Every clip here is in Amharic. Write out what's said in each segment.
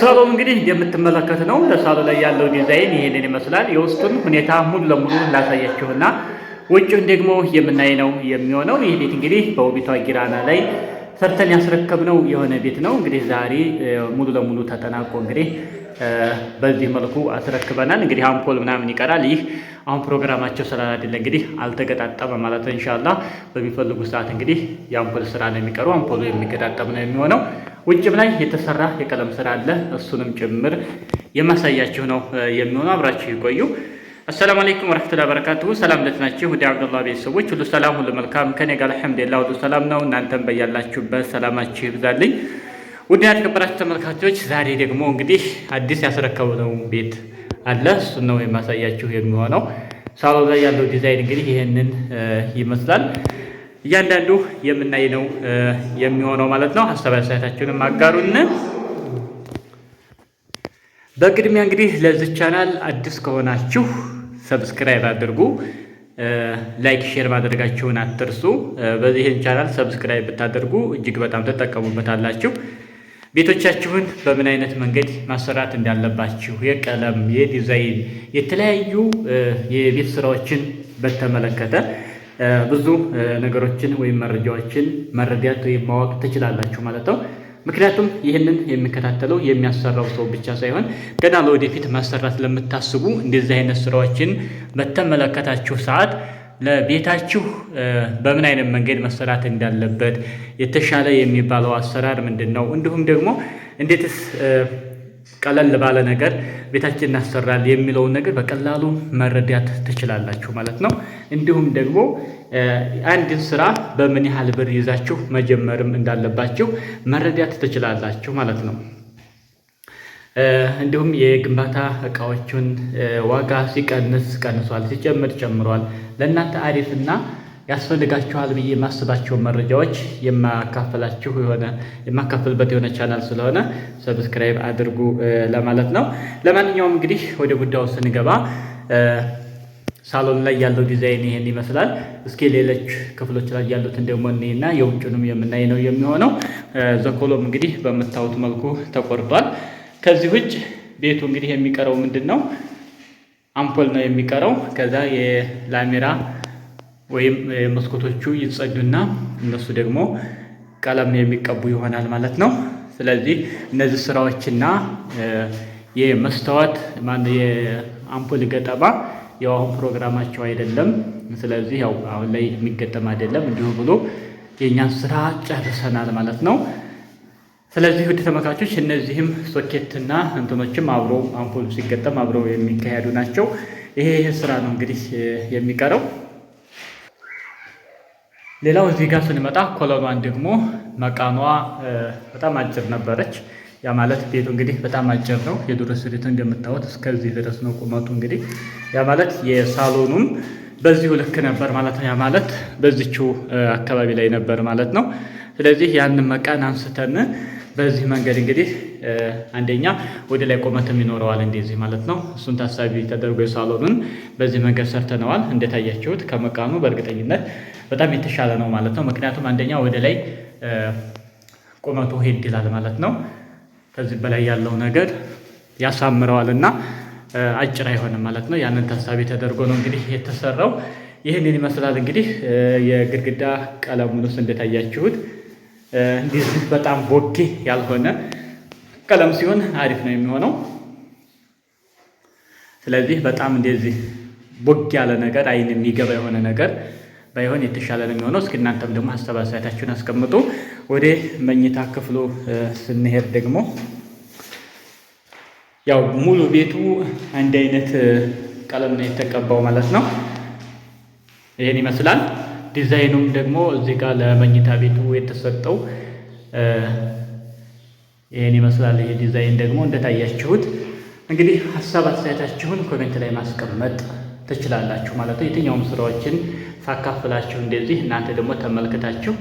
ሳሎን እንግዲህ የምትመለከት ነው። ለሳሎን ላይ ያለው ዲዛይን ይሄንን ይመስላል። የውስጡን ሁኔታ ሙሉ ለሙሉ ላሳያችሁና ውጭውን ደግሞ የምናይ ነው የሚሆነው። ይህ ቤት እንግዲህ በውቢቷ ጊራና ላይ ሰርተን ያስረከብነው የሆነ ቤት ነው። እንግዲህ ዛሬ ሙሉ ለሙሉ ተጠናቆ እንግዲህ በዚህ መልኩ አስረክበናል። እንግዲህ አምፖል ምናምን ይቀራል። ይህ አሁን ፕሮግራማቸው ስላላደለ እንግዲህ አልተገጣጠመ ማለት ነው። እንሻላ በሚፈልጉ ሰዓት እንግዲህ የአምፖል ስራ ነው የሚቀሩ። አምፖሉ የሚገጣጠም ነው የሚሆነው። ውጭም ላይ የተሰራ የቀለም ስራ አለ። እሱንም ጭምር የማሳያችሁ ነው የሚሆኑ አብራችሁ ይቆዩ። አሰላሙ አለይኩም ወረህመቱላሂ ወበረካቱሁ። ሰላም እንዴት ናችሁ? ወዲ አብዱላህ ቤተሰቦች ሁሉ ሰላም፣ ሁሉ መልካም ከኔ ጋር አልሐምዱሊላህ ሁሉ ሰላም ነው። እናንተም በያላችሁበት ሰላማችሁ ይብዛልኝ። ውድ የተከበራችሁ ተመልካቾች ዛሬ ደግሞ እንግዲህ አዲስ ያስረከብነው ቤት አለ። እሱን ነው የማሳያችሁ የሚሆነው። ሳሎን ላይ ያለው ዲዛይን እንግዲህ ይህንን ይመስላል። እያንዳንዱ የምናይ ነው የሚሆነው ማለት ነው። ሀሳብ አስተያየታችሁንም አጋሩን። በቅድሚያ እንግዲህ ለዚህ ቻናል አዲስ ከሆናችሁ ሰብስክራይብ አድርጉ፣ ላይክ ሼር ማድረጋችሁን አትርሱ። በዚህን ቻናል ሰብስክራይብ ብታደርጉ እጅግ በጣም ትጠቀሙበታላችሁ። ቤቶቻችሁን በምን አይነት መንገድ ማሰራት እንዳለባችሁ የቀለም፣ የዲዛይን፣ የተለያዩ የቤት ስራዎችን በተመለከተ ብዙ ነገሮችን ወይም መረጃዎችን መረዳት ወይም ማወቅ ትችላላችሁ ማለት ነው። ምክንያቱም ይህንን የሚከታተለው የሚያሰራው ሰው ብቻ ሳይሆን ገና ለወደፊት ማሰራት ለምታስቡ እንደዚህ አይነት ስራዎችን በተመለከታችሁ ሰዓት ለቤታችሁ በምን አይነት መንገድ መሰራት እንዳለበት የተሻለ የሚባለው አሰራር ምንድን ነው፣ እንዲሁም ደግሞ እንዴትስ ቀለል ባለ ነገር ቤታችን እናሰራል የሚለውን ነገር በቀላሉ መረዳት ትችላላችሁ ማለት ነው። እንዲሁም ደግሞ አንድን ስራ በምን ያህል ብር ይዛችሁ መጀመርም እንዳለባችሁ መረዳት ትችላላችሁ ማለት ነው። እንዲሁም የግንባታ እቃዎችን ዋጋ ሲቀንስ ቀንሷል፣ ሲጨምር ጨምሯል ለእናንተ አሪፍና ያስፈልጋችኋል ብዬ የማስባቸውን መረጃዎች የማካፈላችሁ የሆነ የማካፈልበት የሆነ ቻናል ስለሆነ ሰብስክራይብ አድርጉ ለማለት ነው። ለማንኛውም እንግዲህ ወደ ጉዳዩ ስንገባ ሳሎን ላይ ያለው ዲዛይን ይሄን ይመስላል። እስኪ ሌሎች ክፍሎች ላይ ያሉትን ደግሞ እኔና የውጭንም የምናይ ነው የሚሆነው። ዘኮሎም እንግዲህ በምታዩት መልኩ ተቆርጧል። ከዚህ ውጭ ቤቱ እንግዲህ የሚቀረው ምንድን ነው? አምፖል ነው የሚቀረው። ከዛ የላሜራ ወይም መስኮቶቹ ይጸዱና እነሱ ደግሞ ቀለም የሚቀቡ ይሆናል ማለት ነው። ስለዚህ እነዚህ ስራዎችና የመስታወት የአምፑል ገጠማ ያው አሁን ፕሮግራማቸው አይደለም። ስለዚህ ያው አሁን ላይ የሚገጠም አይደለም። እንዲሁም ብሎ የእኛን ስራ ጨርሰናል ማለት ነው። ስለዚህ ውድ ተመልካቾች እነዚህም ሶኬትና እንትኖችም አብሮ አምፖል ሲገጠም አብረው የሚካሄዱ ናቸው። ይሄ ይህ ስራ ነው እንግዲህ የሚቀረው። ሌላው እዚህ ጋር ስንመጣ ኮሎኗን ደግሞ መቃኗ በጣም አጭር ነበረች። ያ ማለት ቤቱ እንግዲህ በጣም አጭር ነው። የዱር ስሪቱ እንደምታዩት እስከዚህ ድረስ ነው ቁመቱ። እንግዲህ ያ ማለት የሳሎኑም በዚሁ ልክ ነበር ማለት ነው። ያ ማለት በዚችው አካባቢ ላይ ነበር ማለት ነው። ስለዚህ ያንን መቃን አንስተን በዚህ መንገድ እንግዲህ አንደኛ ወደ ላይ ቁመትም ይኖረዋል እንደዚህ ማለት ነው። እሱን ታሳቢ ተደርጎ የሳሎኑን በዚህ መንገድ ሰርተነዋል። እንደታያችሁት ከመቃኑ በእርግጠኝነት በጣም የተሻለ ነው ማለት ነው። ምክንያቱም አንደኛ ወደ ላይ ቁመቱ ሄድ ይላል ማለት ነው። ከዚህ በላይ ያለው ነገር ያሳምረዋል እና አጭር አይሆንም ማለት ነው። ያንን ታሳቢ ተደርጎ ነው እንግዲህ የተሰራው። ይህንን ይመስላል እንግዲህ የግድግዳ ውስጥ እንደታያችሁት እንዲህ በጣም ቦጌ ያልሆነ ቀለም ሲሆን አሪፍ ነው የሚሆነው። ስለዚህ በጣም እንደዚህ ቦግ ያለ ነገር አይን የሚገባ የሆነ ነገር ባይሆን የተሻለ ነው የሚሆነው። እስኪ እናንተም ደግሞ ሀሳብ አስተያየታችሁን አስቀምጡ። ወደ መኝታ ክፍሉ ስንሄድ ደግሞ ያው ሙሉ ቤቱ አንድ አይነት ቀለም ነው የተቀባው ማለት ነው። ይህን ይመስላል። ዲዛይኑም ደግሞ እዚህ ጋር ለመኝታ ቤቱ የተሰጠው ይህን ይመስላል። ይህ ዲዛይን ደግሞ እንደታያችሁት እንግዲህ ሀሳብ አስተያየታችሁን ኮሜንት ላይ ማስቀመጥ ትችላላችሁ ማለት ነው። የትኛውም ስራዎችን ሳካፍላችሁ እንደዚህ እናንተ ደግሞ ተመልክታችሁ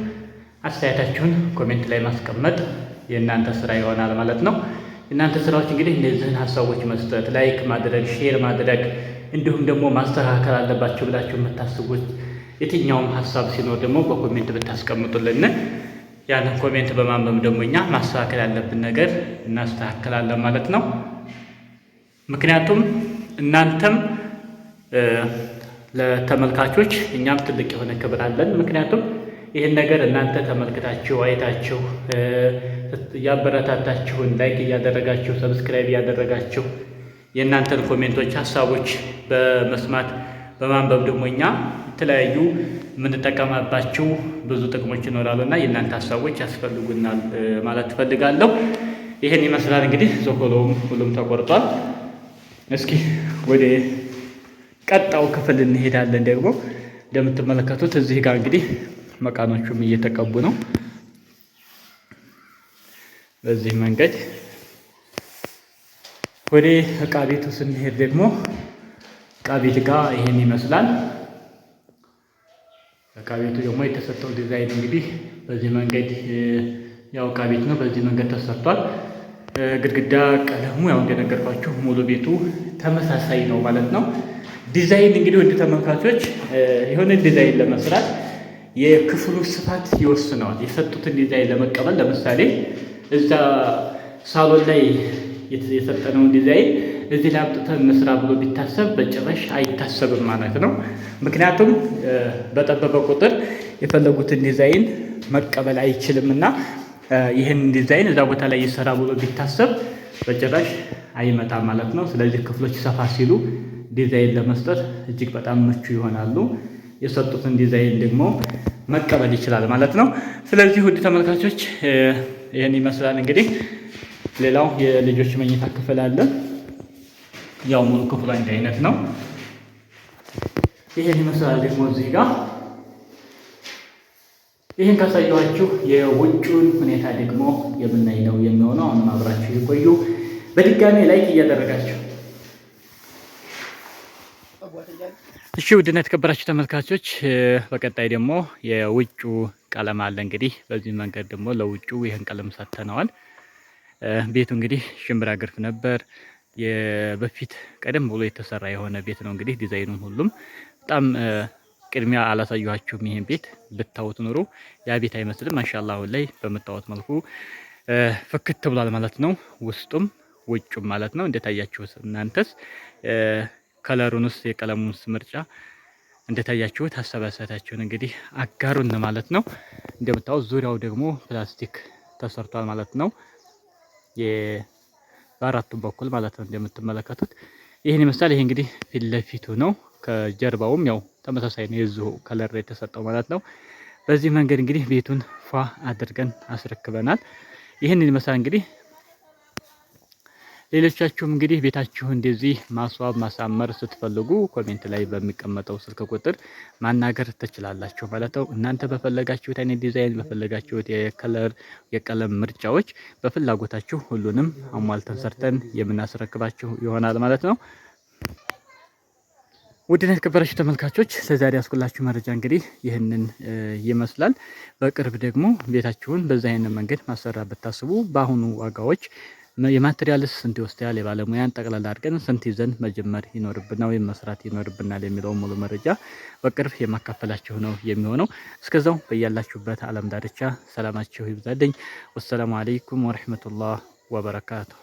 አስተያየታችሁን ኮሜንት ላይ ማስቀመጥ የእናንተ ስራ ይሆናል ማለት ነው። የእናንተ ስራዎች እንግዲህ እንደዚህን ሀሳቦች መስጠት፣ ላይክ ማድረግ፣ ሼር ማድረግ እንዲሁም ደግሞ ማስተካከል አለባቸው ብላችሁ የምታስቡት የትኛውም ሀሳብ ሲኖር ደግሞ በኮሜንት ብታስቀምጡልን ያንን ኮሜንት በማንበብ ደግሞ እኛ ማስተካከል ያለብን ነገር እናስተካከላለን ማለት ነው። ምክንያቱም እናንተም ለተመልካቾች እኛም ትልቅ የሆነ ክብር አለን። ምክንያቱም ይህን ነገር እናንተ ተመልክታችሁ አይታችሁ እያበረታታችሁን ላይክ እያደረጋችሁ ሰብስክራይብ እያደረጋችሁ የእናንተን ኮሜንቶች፣ ሀሳቦች በመስማት በማንበብ ደግሞ እኛ የተለያዩ የምንጠቀመባቸው ብዙ ጥቅሞች ይኖራሉ እና የእናንተ ሀሳቦች ያስፈልጉናል ማለት ትፈልጋለሁ። ይህን ይመስላል እንግዲህ ዞኮሎም ሁሉም ተቆርጧል። እስኪ ወደ ቀጣው ክፍል እንሄዳለን። ደግሞ እንደምትመለከቱት እዚህ ጋር እንግዲህ መቃኖቹም እየተቀቡ ነው። በዚህ መንገድ ወደ እቃ ቤቱ ስንሄድ ደግሞ እቃ ቤት ጋር ይሄን ይመስላል። እቃ ቤቱ ደግሞ የተሰጠው ዲዛይን እንግዲህ በዚህ መንገድ ያው እቃ ቤት ነው። በዚህ መንገድ ተሰርቷል። ግድግዳ ቀለሙ ያው እንደነገርኳችሁ ሙሉ ቤቱ ተመሳሳይ ነው ማለት ነው። ዲዛይን እንግዲህ ወደ ተመልካቾች የሆነ ዲዛይን ለመስራት የክፍሉ ስፋት ይወስነዋል። የሰጡትን ዲዛይን ለመቀበል ለምሳሌ እዛ ሳሎን ላይ የሰጠነውን ዲዛይን እዚህ ላይ አምጥተህ እንስራ ብሎ ቢታሰብ በጭራሽ አይታሰብም ማለት ነው። ምክንያቱም በጠበበ ቁጥር የፈለጉትን ዲዛይን መቀበል አይችልም እና ይህን ዲዛይን እዛ ቦታ ላይ ይሰራ ብሎ ቢታሰብ በጭራሽ አይመጣም ማለት ነው። ስለዚህ ክፍሎች ሰፋ ሲሉ ዲዛይን ለመስጠት እጅግ በጣም ምቹ ይሆናሉ። የሰጡትን ዲዛይን ደግሞ መቀበል ይችላል ማለት ነው። ስለዚህ ውድ ተመልካቾች ይህን ይመስላል እንግዲህ። ሌላው የልጆች መኝታ ክፍል አለ። ያው ሙሉ ክፍሉ አንድ አይነት ነው። ይሄን ይመስላል። ደግሞ እዚህ ጋር ይህን ካሳየኋችሁ የውጭውን ሁኔታ ደግሞ የምናይ ነው የሚሆነው። አሁንም አብራችሁ የቆዩ በድጋሚ ላይክ እያደረጋችሁ እሺ ውድና የተከበራችሁ ተመልካቾች በቀጣይ ደግሞ የውጩ ቀለም አለ እንግዲህ በዚህ መንገድ ደግሞ ለውጩ ይህን ቀለም ሰተነዋል። ቤቱ እንግዲህ ሽምብራ ግርፍ ነበር። በፊት ቀደም ብሎ የተሰራ የሆነ ቤት ነው። እንግዲህ ዲዛይኑም ሁሉም በጣም ቅድሚያ አላሳየኋችሁም። ይህን ቤት ብታዩት ኑሮ ያ ቤት አይመስልም። ማሻላ አሁን ላይ በምታዩት መልኩ ፍክት ብሏል ማለት ነው። ውስጡም ውጩም ማለት ነው። እንደታያችሁት እናንተስ ከለሩንስ የቀለሙንስ ምርጫ እንደታያችሁት አሰባሰታችሁን እንግዲህ አጋሩን ማለት ነው። እንደምታዩት ዙሪያው ደግሞ ፕላስቲክ ተሰርቷል ማለት ነው። በአራቱም በኩል ማለት ነው እንደምትመለከቱት ይህን ይመስላል። ይሄ እንግዲህ ፊት ለፊቱ ነው። ከጀርባውም ያው ተመሳሳይ ነው የዚሁ ከለር የተሰጠው ማለት ነው። በዚህ መንገድ እንግዲህ ቤቱን ፏ አድርገን አስረክበናል። ይህን ይመስላል እንግዲህ ሌሎቻችሁም እንግዲህ ቤታችሁ እንደዚህ ማስዋብ ማሳመር ስትፈልጉ ኮሜንት ላይ በሚቀመጠው ስልክ ቁጥር ማናገር ትችላላችሁ ማለት ነው። እናንተ በፈለጋችሁት አይነት ዲዛይን በፈለጋችሁት የከለር የቀለም ምርጫዎች በፍላጎታችሁ ሁሉንም አሟልተን ሰርተን የምናስረክባችሁ ይሆናል ማለት ነው። ውድነት ከበረሽ ተመልካቾች ለዛሬ ያስኩላችሁ መረጃ እንግዲህ ይህንን ይመስላል። በቅርብ ደግሞ ቤታችሁን በዛ አይነት መንገድ ማሰራ ብታስቡ በአሁኑ ዋጋዎች የማቴሪያልስ ስንት ይወስዳል፣ የባለሙያን ጠቅላላ አድርገን ስንት ይዘን መጀመር ይኖርብናል ወይም መስራት ይኖርብናል የሚለው ሙሉ መረጃ በቅርብ የማካፈላችሁ ነው የሚሆነው። እስከዛው በያላችሁበት ዓለም ዳርቻ ሰላማችሁ ይብዛልኝ። ወሰላሙ አለይኩም ወረህመቱላህ ወበረካቱ።